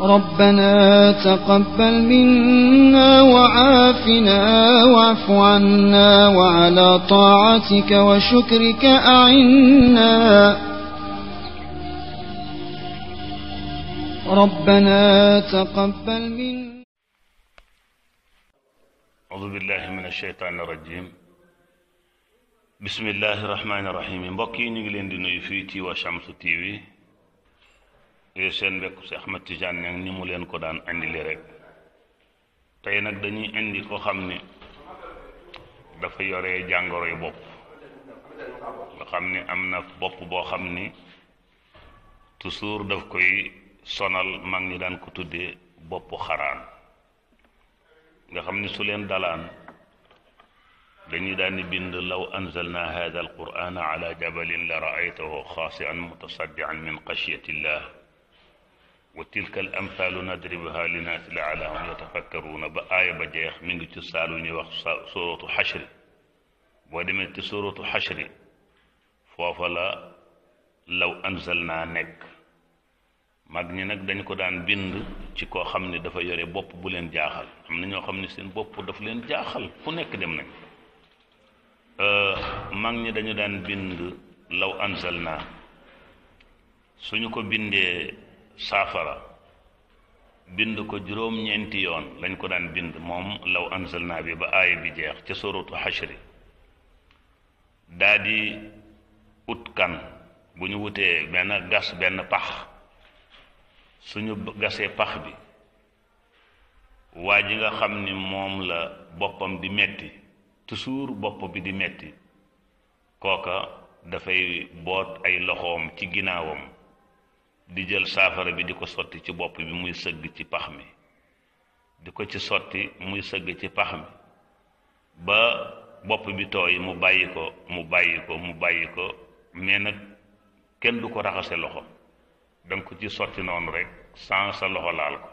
ربنا تقبل منا وعافنا واعف عنا وعلى طاعتك وشكرك أعنا ربنا تقبل منا أعوذ بالله من الشيطان الرجيم بسم الله الرحمن الرحيم بقيني لندن يفيتي وشمس تيوي يسين بك أحمد تيجان يعني نمولين كدان عندي ليرك تينك دني اندي كو خمني دفع يوري جانغور يبوب خمني أمنا بوب بو خمني تسور دف كوي سونال مانغي دان كتو دي بوب خران خمني سولين دالان دني داني بند لو أنزلنا هذا القرآن على جبل لرأيته خاسئا متصدعا من قشية الله wa tilka al amthaalu nadribuha linnaasi laallahum yatafakkaruuna ba aaya ba jeex mi ngi ci saalu ñuy wax suratu xashri boo demee ci suratu xashri foofa la law anzalnaa nekk mag ñi nag dañ ko daan bind ci koo xam ne dafa yore bopp bu leen jaaxal am na ñoo xam ne seen bopp daf leen jaaxal ku nekk dem nañ mag ñi dañu daan bind law anzalnaa suñu ko bindee saafara bind ko juróom-ñeenti yoon lañ ko daan bind moom law anzalna bi ba aaya bi jeex ca suratu xashri daadi di kan bu ñu wutee benn gas benn pax suñu gasee pax bi waa ji nga xam ni moom la boppam di metti toujours bopp bi di metti kooka dafay boot ay loxoom ci ginnaawam di jël saafara bi di ko sotti ci bopp bi muy sëgg ci pax mi di ko ci sotti muy sëgg ci pax mi ba bopp bi tooy mu bàyyi ko mu bàyyi ko mu bàyyi ko mais nag kenn du ko raxase loxo da ko ci sotti noonu rek sans sa loxo laal ko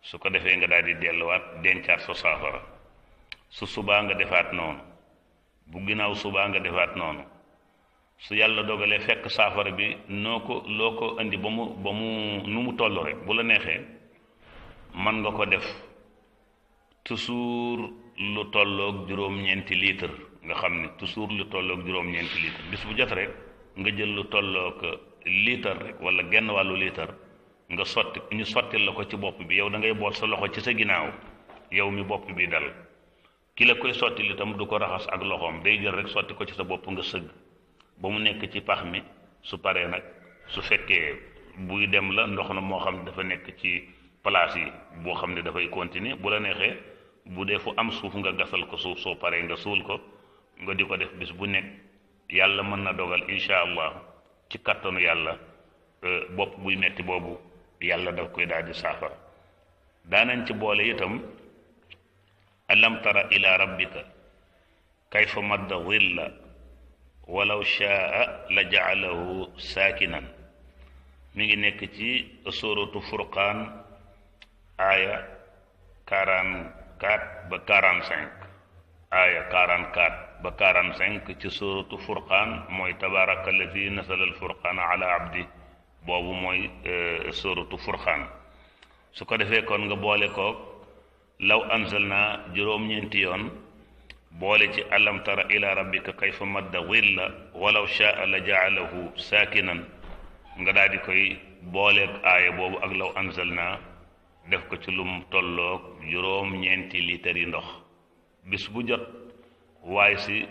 su ko defee nga daal di delluwaat dencaat sa saafara su subaa nga defaat noonu bu ginnaaw subaa nga defaat noonu su yàlla dogalee fekk saafara bi noo ko loo ko indi ba mu ba mu nu mu toll rek bu la neexee mën nga ko def toujours lu tolloog juróom-ñeenti litre nga xam ne toujours lu tolloog juróom-ñeenti litre bis bu jot rek nga jël lu tolloog liitar rek wala genn wàllu litre nga sotti ñu sottil la ko ci bopp bi yow da ngay boot sa loxo ci sa ginnaaw yow mi bopp bi dal ki la koy sottil itam du ko raxas ak loxoom day jël rek sotti ko ci sa bopp nga sëgg ba mu nekk ci pax mi su paree nag su fekkee buy dem la ndox na moo xam ne dafa nekk ci place yi boo xam ne dafay continuer bu la neexee bu dee fu am suuf nga gasal ko suuf soo paree nga suul ko nga di ko def bis bu nekk yàlla mën na dogal incha allah ci kattanu yàlla euh, bopp buy netti boobu yàlla daf koy daal di saafara daanañ ci boole itam alam tara ila rabbika kayfa madda dhilla ولو شاء لجعله ساكنا ميغي نيك سوره فرقان ايه كات ب سينك ايه 44 ب 45 تي سوره الفرقان موي تبارك الذي نزل الفرقان على عبده بوبو موي سوره فرقان سوكو ديفه كون غا لو انزلنا جروم نينتي يون boole ci alam tara ila rabbika kayfa madda dhilla walaw shaa la jaalahu saakinan nga daal koy booleeg aaya boobu ak law anzalna def ko ci lum tollook juróom-ñeenti liitar yi ndox bis bu jot waaye si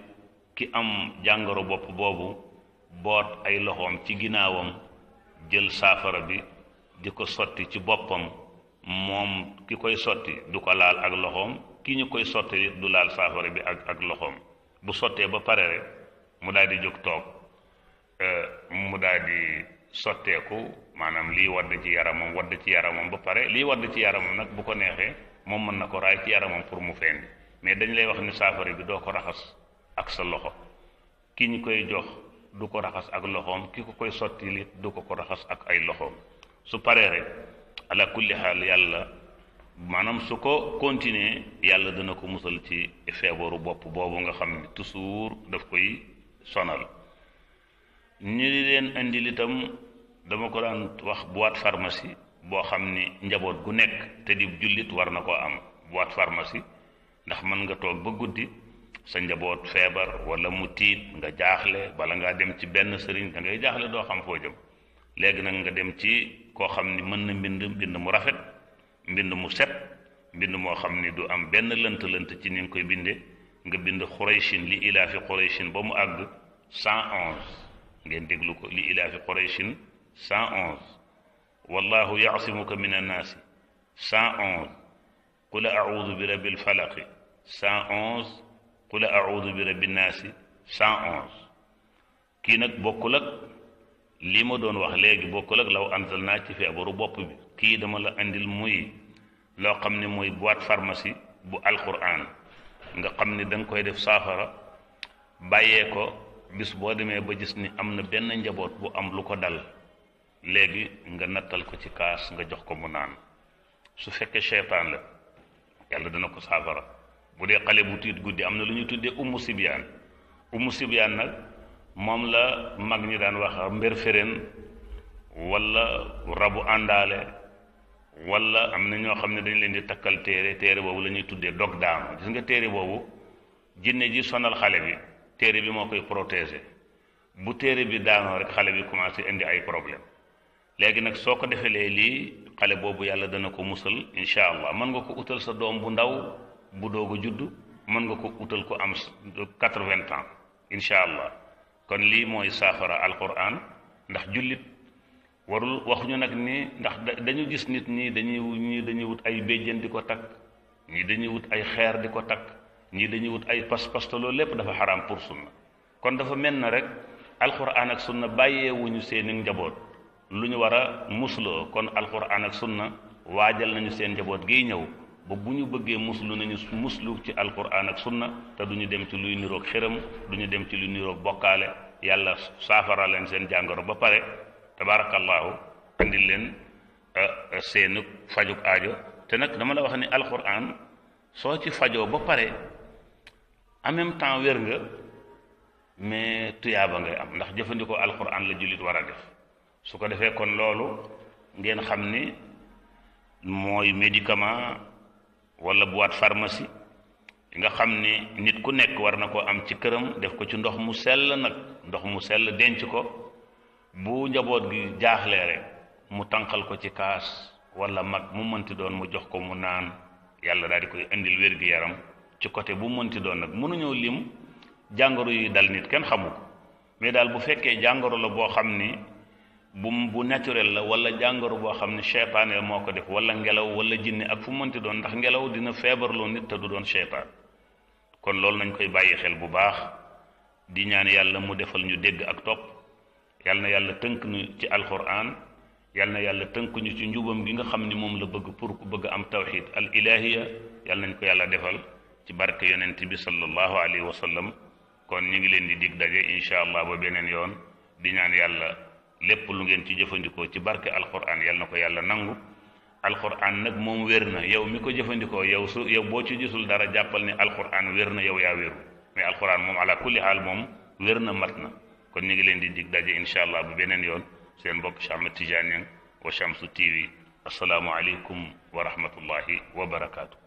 ki am jàngoro bopp boobu boot ay loxoom ci ginnaawam jël saafara bi di ko sotti ci boppam moom ki koy sotti du ko laal ak loxoom ki ñu koy sotti du laal saafara bi ak ak loxoom bu sottee ba pare rek mu daal di jóg toog euh, mu daal di sotteeku maanaam lii wadd ci yaramam wadd ci yaramam ba pare lii wadd ci yaramam nag bu ko neexee moom mën na ko raay ci yaramam pour mu feeñ mais dañ lay wax ni saafara bi doo ko raxas ak sa loxo ki ñu koy jox du ko raxas ak loxoom ki ko koy sottilit du ko ko raxas ak ay loxoom su paree rek ala kulli xaal yàlla maanaam su ko continuer yàlla dana ko musal ci feebaru bopp boobu nga xam ne toujours daf koy sonal ñi leen indi litam dama ko daan wax boîte pharmacie boo xam ni njaboot gu nekk te di jullit war na koo am boîte pharmacie ndax mën nga toog ba guddi sa njaboot feebar wala mu tiit nga jaaxle bala ngaa dem ci benn sëriñ da ngay jaaxle doo xam foo jëm léegi nag nga dem ci koo xam ni mën na mbind mbind mu rafet mbind mu set mbind moo xam ni du am benn lënt-lënt ci ni nga koy binde nga bind xuraychin li fi xuraychin ba mu àgg 111 ngeen déglu ko li ilaafi fi cent 111 wallahu yaasimuka min annaasi 111 onze qul audu bi rabbi lfalaqi 111 onze qul audu bi rabbi nnaasi 111 onze kii nag bokkul ak lii ma doon wax léegi boo ak law antal naa ci feebaru bopp bi kii dama la indil muy loo xam ne mooy boîte pharmacie bu alquran nga xam ni danga koy def saafara bàyyee ko bis boo demee ba gis ni am na benn njaboot bu am lu ko dal léegi nga nattal ko ci kaas nga jox ko mu naan su fekkee seytaan la yàlla dana ko saafara bu dee xale bu tiit guddi am na lu ñu tuddee ummu sibyaan ummu sibyaan nag moom la mag ñi daan wax mbir feren wala rabu andale wala am na ñoo xam ne dañ leen di takkal téere téere boobu la ñuy dog daanu gis nga téere boobu jinne ji sonal xale bi téere bi moo koy protéger bu téere bi daanoo rek xale bi commencé indi ay problème léegi nag soo ko defelee lii xale boobu yàlla dana ko musal incha allah nga ko utal sa doom bu ndaw bu doog judd mën nga ko utal ko am quatre ans incha kon lii mooy saafara alquran ndax jullit warul waxuñu nag ni ndax dañu gis nit ñi dañuy ñii dañuy wut ay béjjën di ko takk ñii dañuy wut ay xeer di ko takk ñii dañuy wut ay pas-pas lépp dafa xaraam pour sunna kon dafa mel na rek alquran ak sunna bàyyeewuñu seeni njaboot lu ñu war a musloo kon alquran ak sunna waajal nañu seen njaboot giy ñëw ba bu ñu bëggee muslu nañu muslu ci alquran ak sunna te du ñu dem ci luy niroog xëram du ñu dem ci luy niroog bokkaale yàlla saafara leen seen jàngoro ba pare tabarakallahu andil leen seenu fajuk aajo te nag dama la wax ni alquran soo ci fajoo ba pare en même temps wér nga mais tuyaaba ngay am ndax jëfandikoo alquran la jullit war a def su ko defee kon loolu ngeen xam ni mooy médicament wala boîte pharmacie nga xam ni nit ku nekk war na koo am ci këram def ko ci ndox mu sell nag ndox mu sell denc ko bu njaboot gi jaaxlee rek mu tànqal ko ci kaas wala mag mu mënti doon mu jox ko mu naan yàlla daal di koy indil wér gi yaram ci côté bu mënti doon nag mënuñoo lim jàngoro yi dal nit kenn xamu ko mais daal bu fekkee jàngoro la boo xam ni bu bu naturel la wala jàngoro boo xam ne cheytaane moo ko def wala ngelaw wala jinne ak fu mënti doon ndax ngelaw dina feebarloo nit te du doon cheytaan kon loolu nañ koy bàyyi xel bu baax di ñaan yàlla mu defal ñu dégg ak topp yàlla yàlla tënk ñu ci alquran yàlla yàlla tënk ñu ci njubam gi nga xam ni la bëgg pour ku bëgg am tawxid al ilahiya yàlla nañ ko yàlla defal ci barke yonent bi sallallahu alayhi wa sallam kon ñu ngi leen di dig daje incha allah ba beneen yoon di ñaan yàlla lépp lu ngeen ci jëfandikoo ci barke alquran yal na ko yàlla nangu alquran nag moom wér na yow mi ko jëfandikoo yow su yow boo ci gisul dara jàppal ni alquran wér na yow yaa wéru mais alquran moom ala kulli haal moom wér na mat na kon ñu ngi leen di dig daje incha allah bu beneen yoon seen bokk Cheikh Ahmed Tidiane Niang wa Shamsu TV asalaamualeykum wa rahmatullahi wa barakaatu.